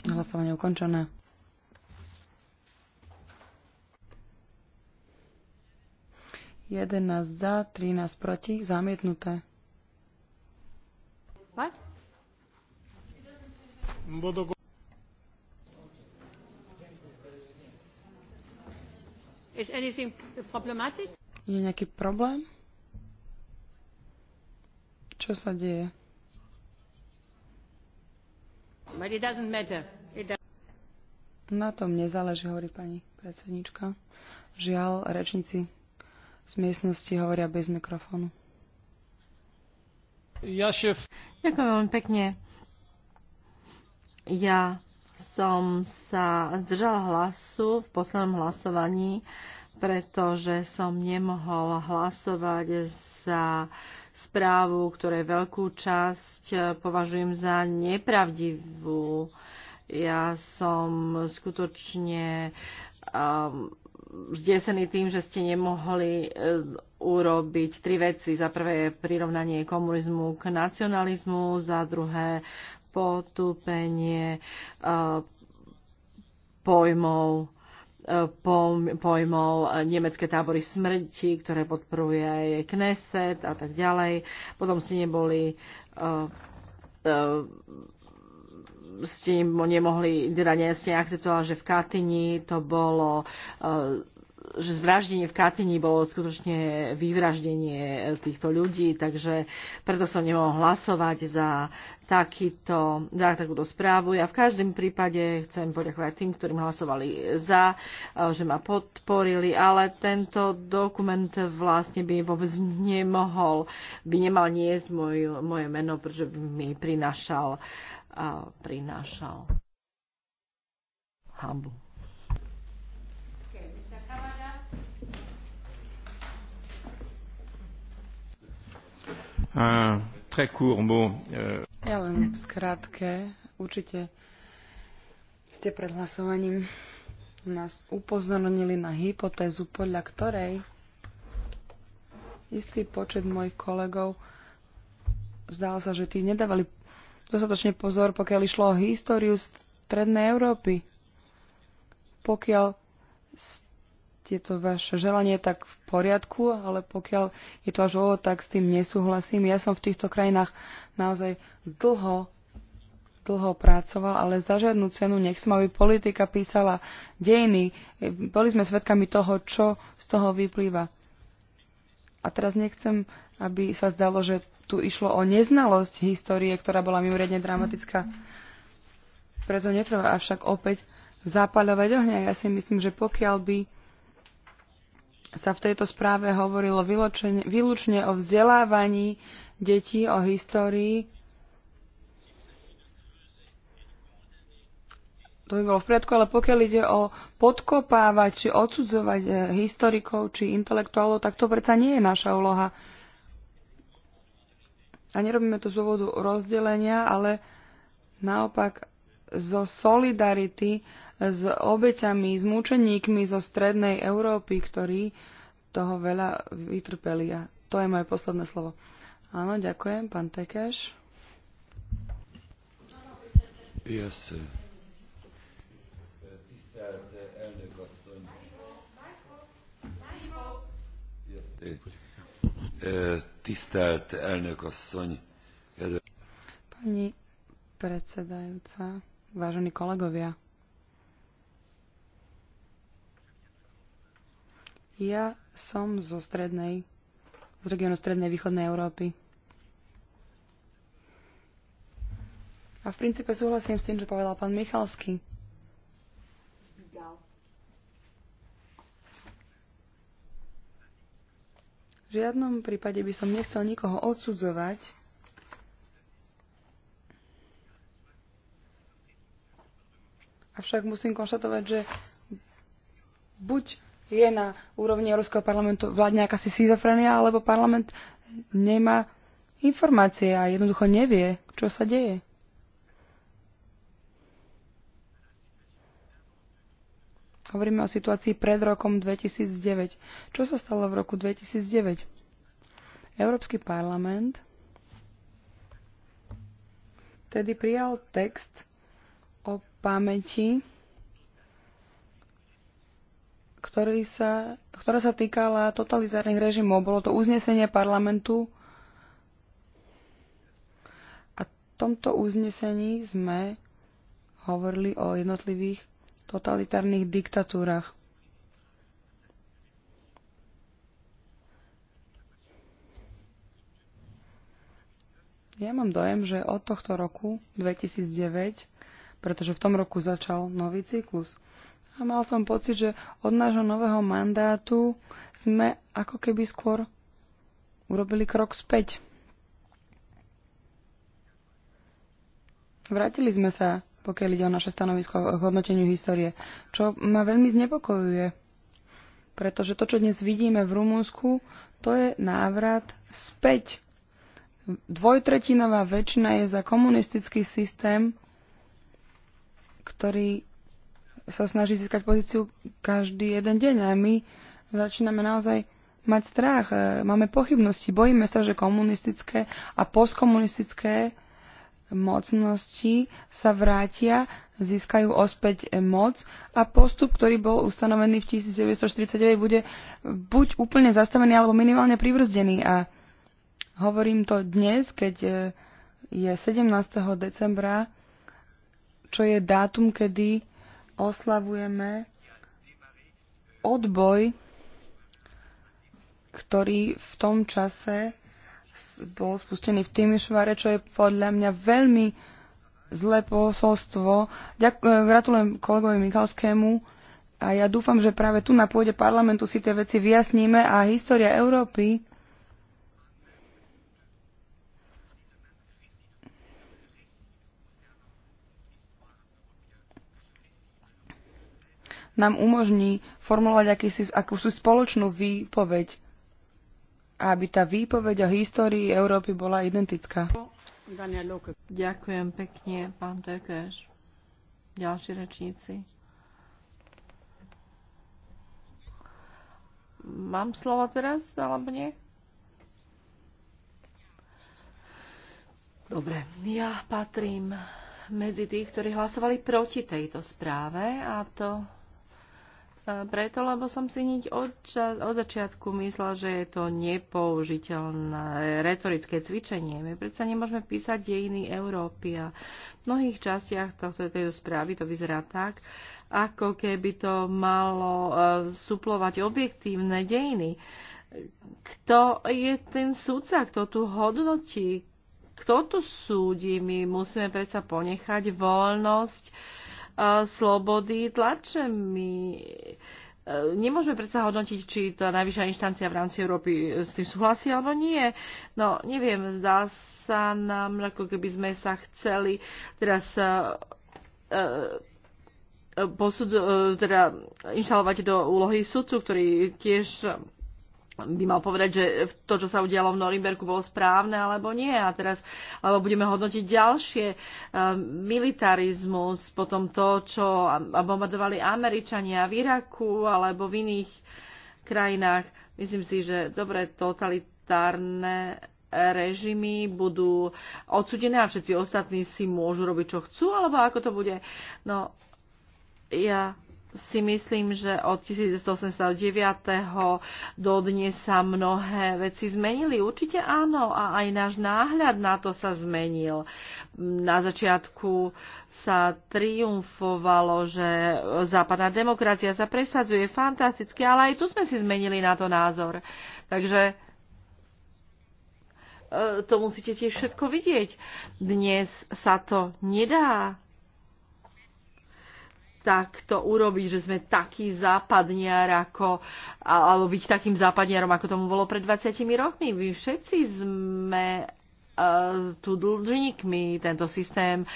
Hlasovanie ukončené. Jedenáct za, 13 proti, zamietnuté. What? Je nejaký problém? Čo sa deje? But it doesn't matter. It doesn't... Na tom nezáleží, hovorí pani predsednička. Žiaľ, rečníci z miestnosti hovoria bez mikrofónu. Ja šef. Ďakujem veľmi pekne. Ja som sa zdržala hlasu v poslednom hlasovaní, pretože som nemohol hlasovať za správu, ktoré veľkú časť e, považujem za nepravdivú. Ja som skutočne um, zdesený tým, že ste nemohli e, urobiť tri veci. Za prvé prirovnanie komunizmu k nacionalizmu, za druhé potúpenie e, pojmov e, pojmov e, nemecké tábory smrti, ktoré podporuje aj Kneset a tak ďalej. Potom ste neboli ste nemohli, teda nie ste akceptovali, že v Katyni to bolo že zvraždenie v Katyni bolo skutočne vyvraždenie týchto ľudí, takže preto som nemohol hlasovať za, takýto, za takúto správu. Ja v každom prípade chcem poďakovať tým, ktorým hlasovali za, e, že ma podporili, ale tento dokument vlastne by vôbec nemohol, by nemal niesť môj, moje meno, pretože by mi prinašal, prinášal hambu. Euh, ja len v skratke. Určite ste pred hlasovaním nás upozornili na hypotézu, podľa ktorej istý počet mojich kolegov zdal sa, že tí nedávali dostatočne pozor, pokiaľ išlo o históriu Strednej Európy. Pokiaľ je to vaše želanie, tak v poriadku, ale pokiaľ je to až o, tak s tým nesúhlasím. Ja som v týchto krajinách naozaj dlho, dlho pracoval, ale za žiadnu cenu nechcem, aby politika písala dejiny. Boli sme svedkami toho, čo z toho vyplýva. A teraz nechcem, aby sa zdalo, že tu išlo o neznalosť histórie, ktorá bola mimoriadne dramatická. Preto netreba avšak opäť zapáľovať ohňa. Ja si myslím, že pokiaľ by sa v tejto správe hovorilo výlučne o vzdelávaní detí, o histórii. To by bolo v predku, ale pokiaľ ide o podkopávať či odsudzovať e, historikov či intelektuálov, tak to predsa nie je naša úloha. A nerobíme to z dôvodu rozdelenia, ale naopak zo solidarity s obeťami, s mučeníkmi zo strednej Európy, ktorí toho veľa vytrpeli. A to je moje posledné slovo. Áno, ďakujem. Pán Tekeš. Yes. Tisztelt elnök asszony! Tisztelt elnök asszony! Pani predsedajúca, vážení kolegovia. Ja som zo strednej, z regiónu strednej východnej Európy. A v princípe súhlasím s tým, čo povedal pán Michalský. V žiadnom prípade by som nechcel nikoho odsudzovať, Avšak musím konštatovať, že buď je na úrovni Európskeho parlamentu vládne akási schizofrenia, alebo parlament nemá informácie a jednoducho nevie, čo sa deje. Hovoríme o situácii pred rokom 2009. Čo sa stalo v roku 2009? Európsky parlament tedy prijal text o pamäti, ktorý sa, ktorá sa týkala totalitárnych režimov. Bolo to uznesenie parlamentu a v tomto uznesení sme hovorili o jednotlivých totalitárnych diktatúrach. Ja mám dojem, že od tohto roku 2009 pretože v tom roku začal nový cyklus. A mal som pocit, že od nášho nového mandátu sme ako keby skôr urobili krok späť. Vrátili sme sa, pokiaľ ide o naše stanovisko k hodnoteniu histórie, čo ma veľmi znepokojuje. Pretože to, čo dnes vidíme v Rumunsku, to je návrat späť. Dvojtretinová väčšina je za komunistický systém, ktorý sa snaží získať pozíciu každý jeden deň a my začíname naozaj mať strach, e, máme pochybnosti, bojíme sa, že komunistické a postkomunistické mocnosti sa vrátia, získajú ospäť moc a postup, ktorý bol ustanovený v 1949, bude buď úplne zastavený alebo minimálne privrzdený. A hovorím to dnes, keď e, je 17. decembra čo je dátum, kedy oslavujeme odboj, ktorý v tom čase bol spustený v Timišvare, čo je podľa mňa veľmi zlé posolstvo. Ďakujem, gratulujem kolegovi Michalskému a ja dúfam, že práve tu na pôde parlamentu si tie veci vyjasníme a história Európy nám umožní formulovať akýsi, akúsi spoločnú výpoveď, aby tá výpoveď o histórii Európy bola identická. Ďakujem pekne, pán Tekeš. Ďalší rečníci. Mám slovo teraz, alebo nie? Dobre, ja patrím medzi tých, ktorí hlasovali proti tejto správe a to preto, lebo som si niť od, od začiatku myslela, že je to nepoužiteľné retorické cvičenie. My predsa nemôžeme písať dejiny Európy a v mnohých častiach tohto, tejto správy to vyzerá tak, ako keby to malo e, suplovať objektívne dejiny. Kto je ten sudca, kto tu hodnotí, kto tu súdi? My musíme predsa ponechať voľnosť slobody tlače. My e, nemôžeme predsa hodnotiť, či tá najvyššia inštancia v rámci Európy s tým súhlasí alebo nie. No, neviem, zdá sa nám, ako keby sme sa chceli teraz e, e, posud, teda inštalovať do úlohy sudcu, ktorý tiež by mal povedať, že to, čo sa udialo v Norimberku, bolo správne alebo nie. A teraz alebo budeme hodnotiť ďalšie eh, militarizmus, potom to, čo bombardovali Američania v Iraku alebo v iných krajinách. Myslím si, že dobre totalitárne režimy budú odsudené a všetci ostatní si môžu robiť, čo chcú, alebo ako to bude. No, ja si myslím, že od 1989. do dnes sa mnohé veci zmenili. Určite áno a aj náš náhľad na to sa zmenil. Na začiatku sa triumfovalo, že západná demokracia sa presadzuje fantasticky, ale aj tu sme si zmenili na to názor. Takže e, to musíte tiež všetko vidieť. Dnes sa to nedá takto urobiť, že sme taký západniar ako, alebo byť takým západniarom, ako tomu bolo pred 20 rokmi. My všetci sme e, tu dlžníkmi. Tento systém e,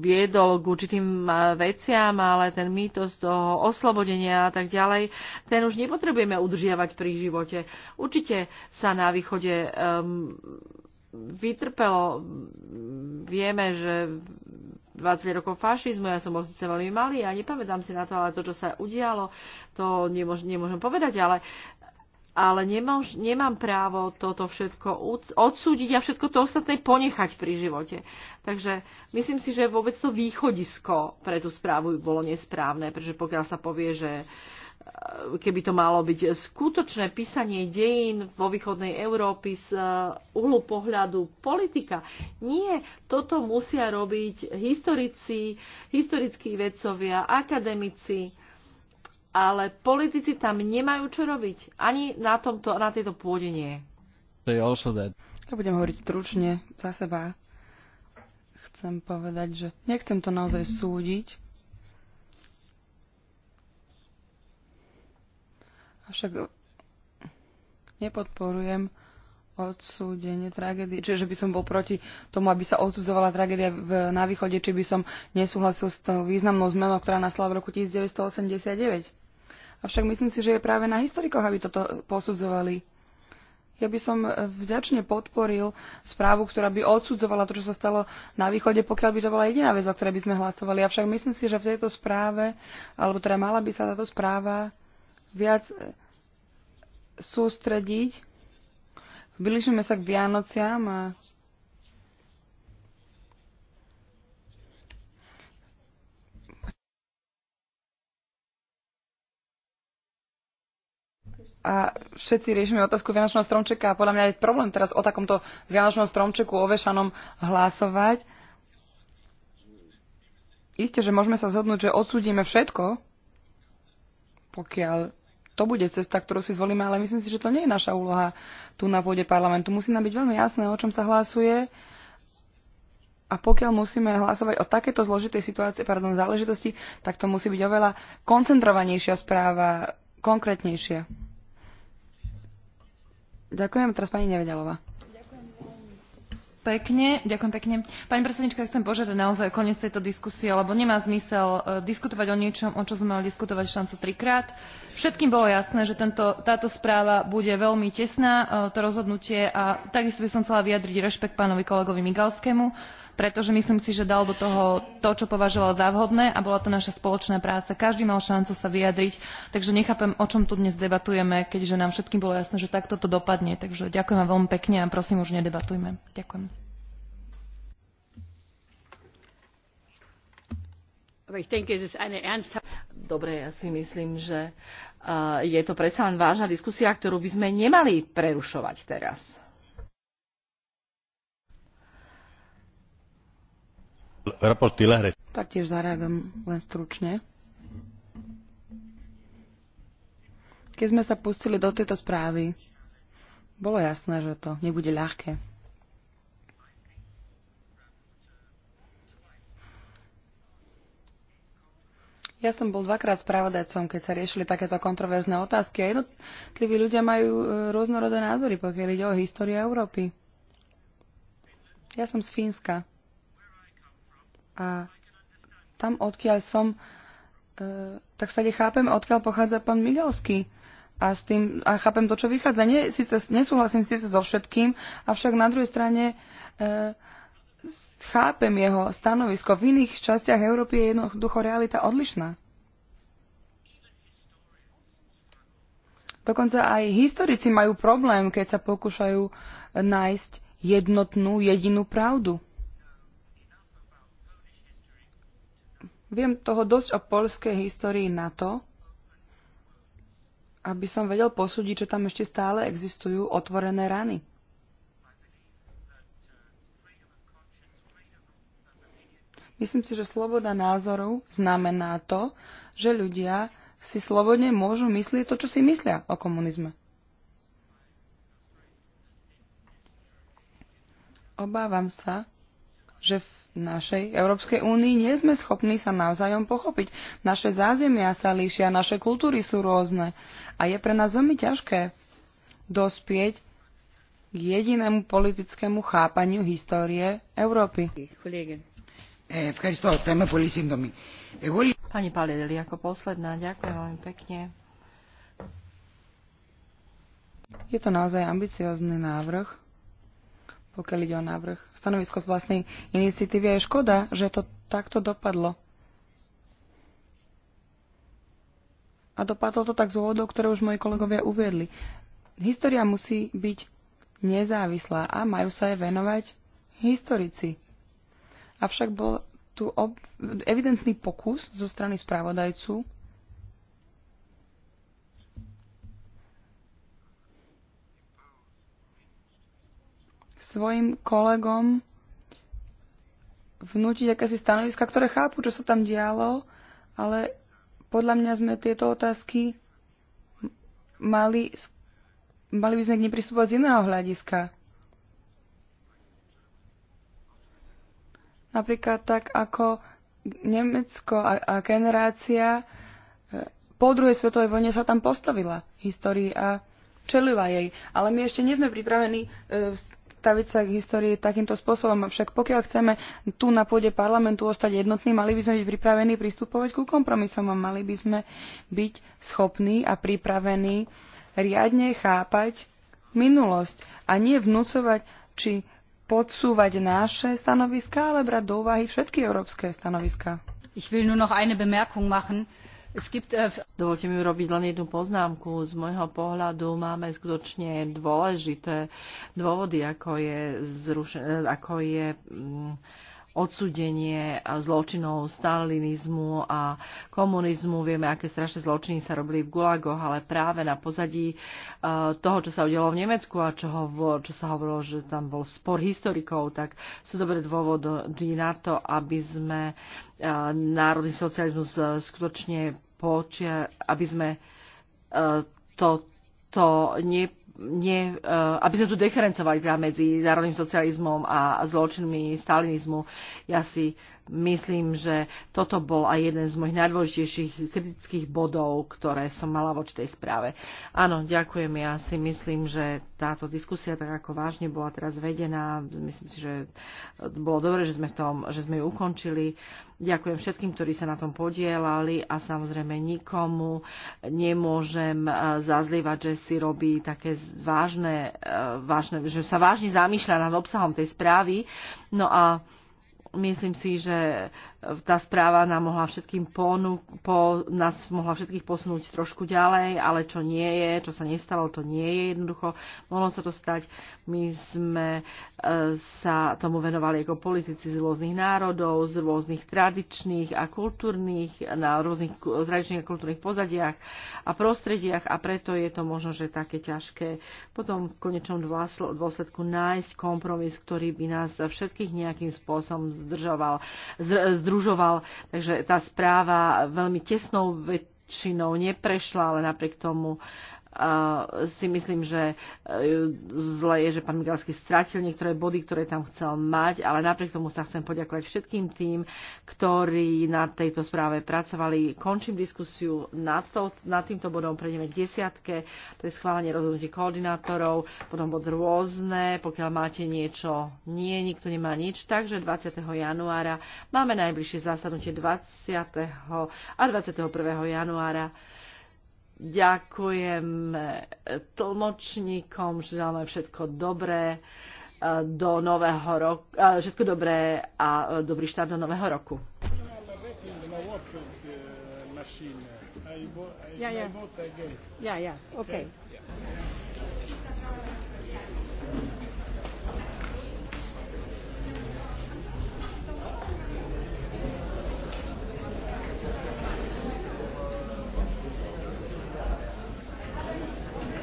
viedol k určitým e, veciam, ale ten mýtos toho oslobodenia a tak ďalej, ten už nepotrebujeme udržiavať pri živote. Určite sa na východe um, vytrpelo. Vieme, že 20 rokov fašizmu, ja som bol síce veľmi malý a nepamätám si na to, ale to, čo sa udialo, to nemôž, nemôžem povedať, ale ale nemôž, nemám právo toto všetko odsúdiť a všetko to ostatné ponechať pri živote. Takže myslím si, že vôbec to východisko pre tú správu bolo nesprávne, pretože pokiaľ sa povie, že uh, keby to malo byť skutočné písanie dejín vo východnej Európy z eh, uhlu pohľadu politika. Nie, toto musia robiť historici, historickí vedcovia, akademici, ale politici tam nemajú čo robiť. Ani na, tomto, na tejto pôde nie. Ja budem hovoriť stručne za seba. Chcem povedať, že nechcem to naozaj súdiť, Avšak eh, nepodporujem odsúdenie tragédie, čiže by som bol proti tomu, aby sa odsudzovala tragédia v, na východe, či by som nesúhlasil s tou významnou zmenou, ktorá nastala v roku 1989. Avšak myslím si, že je práve na historikoch, aby toto posudzovali. Ja by som eh, vďačne podporil správu, ktorá by odsudzovala to, čo sa stalo na východe, pokiaľ by to bola jediná vec, o ktorej by sme hlasovali. Avšak myslím si, že v tejto správe, alebo teda mala by sa táto správa viac e, sústrediť. Blížime sa k Vianociam a a všetci riešime otázku Vianočného stromčeka a podľa mňa je problém teraz o takomto Vianočnom stromčeku ovešanom hlasovať. Isté, že môžeme sa zhodnúť, že odsúdime všetko, pokiaľ to bude cesta, ktorú si zvolíme, ale myslím si, že to nie je naša úloha tu na pôde parlamentu. Musí nám byť veľmi jasné, o čom sa hlasuje a pokiaľ musíme hlasovať o takéto zložitej situácie, pardon, záležitosti, tak to musí byť oveľa koncentrovanejšia správa, konkrétnejšia. Ďakujem, teraz pani Nevedalová. Pekne, ďakujem pekne. Pani predsednička, chcem požiadať naozaj koniec tejto diskusie, lebo nemá zmysel e, diskutovať o niečom, o čo sme mali diskutovať šancu trikrát. Všetkým bolo jasné, že tento, táto správa bude veľmi tesná, e, to rozhodnutie a takisto by som chcela vyjadriť rešpekt pánovi kolegovi Migalskému pretože myslím si, že dal do toho to, čo považoval za vhodné a bola to naša spoločná práca. Každý mal šancu sa vyjadriť, takže nechápem, o čom tu dnes debatujeme, keďže nám všetkým bolo jasné, že takto to dopadne. Takže ďakujem vám veľmi pekne a prosím, už nedebatujme. Ďakujem. Dobre, ja si myslím, že je to predsa len vážna diskusia, ktorú by sme nemali prerušovať teraz. Taktiež zareagujem len stručne. Keď sme sa pustili do tejto správy, bolo jasné, že to nebude ľahké. Ja som bol dvakrát spravodajcom, keď sa riešili takéto kontroverzné otázky a jednotliví ľudia majú e, rôznorodé názory, pokiaľ ide o históriu Európy. Ja som z Fínska. A tam, odkiaľ som, e, tak sa chápem, odkiaľ pochádza pán Migalský. A, s tým, a chápem to, čo vychádza. Nie, síce, nesúhlasím síce so všetkým, avšak na druhej strane e, chápem jeho stanovisko. V iných častiach Európy je jednoducho realita odlišná. Dokonca aj historici majú problém, keď sa pokúšajú nájsť jednotnú, jedinú pravdu. Viem toho dosť o polskej histórii na to, aby som vedel posúdiť, že tam ešte stále existujú otvorené rany. Myslím si, že sloboda názorov znamená to, že ľudia si slobodne môžu myslieť to, čo si myslia o komunizme. Obávam sa, že v našej Európskej únii nie sme schopní sa navzájom pochopiť. Naše zázemia sa líšia, naše kultúry sú rôzne a je pre nás veľmi ťažké dospieť k jedinému politickému chápaniu histórie Európy. Pani Paledeli, ako posledná, ďakujem veľmi pekne. Je to naozaj ambiciózny návrh pokiaľ ide o návrh. Stanovisko z vlastnej iniciatívy je škoda, že to takto dopadlo. A dopadlo to tak z dôvodov, ktoré už moji kolegovia uviedli. História musí byť nezávislá a majú sa aj venovať historici. Avšak bol tu evidentný pokus zo strany spravodajcu svojim kolegom vnútiť akési stanoviska, ktoré chápu, čo sa tam dialo, ale podľa mňa sme tieto otázky mali, mali by sme k nej z iného hľadiska. Napríklad tak, ako Nemecko a, a generácia e, po druhej svetovej vojne sa tam postavila v histórii a čelila jej. Ale my ešte nie sme pripravení e, postaviť sa k histórii takýmto spôsobom. Avšak pokiaľ chceme tu na pôde parlamentu ostať jednotní, mali by sme byť pripravení pristupovať ku kompromisom a mali by sme byť schopní a pripravení riadne chápať minulosť a nie vnúcovať či podsúvať naše stanoviská, ale brať do úvahy všetky európske stanoviská. Ich will nur noch eine Bemerkung machen. Äh, Dovolte mi urobiť len jednu poznámku. Z môjho pohľadu máme skutočne dôležité dôvody, ako je, zrušen- ako je mm, odsudenie zločinov stalinizmu a komunizmu. Vieme, aké strašné zločiny sa robili v gulagoch, ale práve na pozadí e, toho, čo sa udialo v Nemecku a čo, hovor, čo sa hovorilo, že tam bol spor historikov, tak sú dobré dôvody na to, aby sme e, národný socializmus e, skutočne počia, aby sme e, to ne, ne, e, aby sme tu diferencovali teda medzi národným socializmom a zločinmi stalinizmu. Ja si Myslím, že toto bol aj jeden z mojich najdôležitejších kritických bodov, ktoré som mala voči tej správe. Áno, ďakujem. Ja si myslím, že táto diskusia, tak ako vážne bola teraz vedená, myslím si, že bolo dobre, že sme, v tom, že sme ju ukončili. Ďakujem všetkým, ktorí sa na tom podielali a samozrejme nikomu nemôžem e, zazlievať, že si robí také vážne, e, vážne že sa vážne zamýšľa nad obsahom tej správy. No a Myslím si, že tá správa nám mohla všetkým ponu, po, nás mohla všetkých posunúť trošku ďalej, ale čo nie je, čo sa nestalo, to nie je jednoducho. Mohlo sa to stať. My sme e, sa tomu venovali ako politici z rôznych národov, z rôznych tradičných a kultúrnych, na rôznych tradičných a kultúrnych pozadiach a prostrediach a preto je to možno, že také ťažké potom v konečnom dôsledku nájsť kompromis, ktorý by nás všetkých nejakým spôsobom zdržoval, združoval. Takže tá správa veľmi tesnou väčšinou neprešla, ale napriek tomu si myslím, že e, zle je, že pán Migalský stratil niektoré body, ktoré tam chcel mať, ale napriek tomu sa chcem poďakovať všetkým tým, ktorí na tejto správe pracovali. Končím diskusiu nad, to, nad týmto bodom, prejdeme k desiatke, to je schválenie rozhodnutí koordinátorov, potom bod rôzne, pokiaľ máte niečo, nie, nikto nemá nič, takže 20. januára máme najbližšie zasadnutie 20. a 21. januára. Ďakujem tlmočníkom, že želáme všetko dobré e, do nového roku, e, všetko dobré a e, dobrý štart do nového roku. Yeah, yeah. Yeah, yeah. okay. Yeah.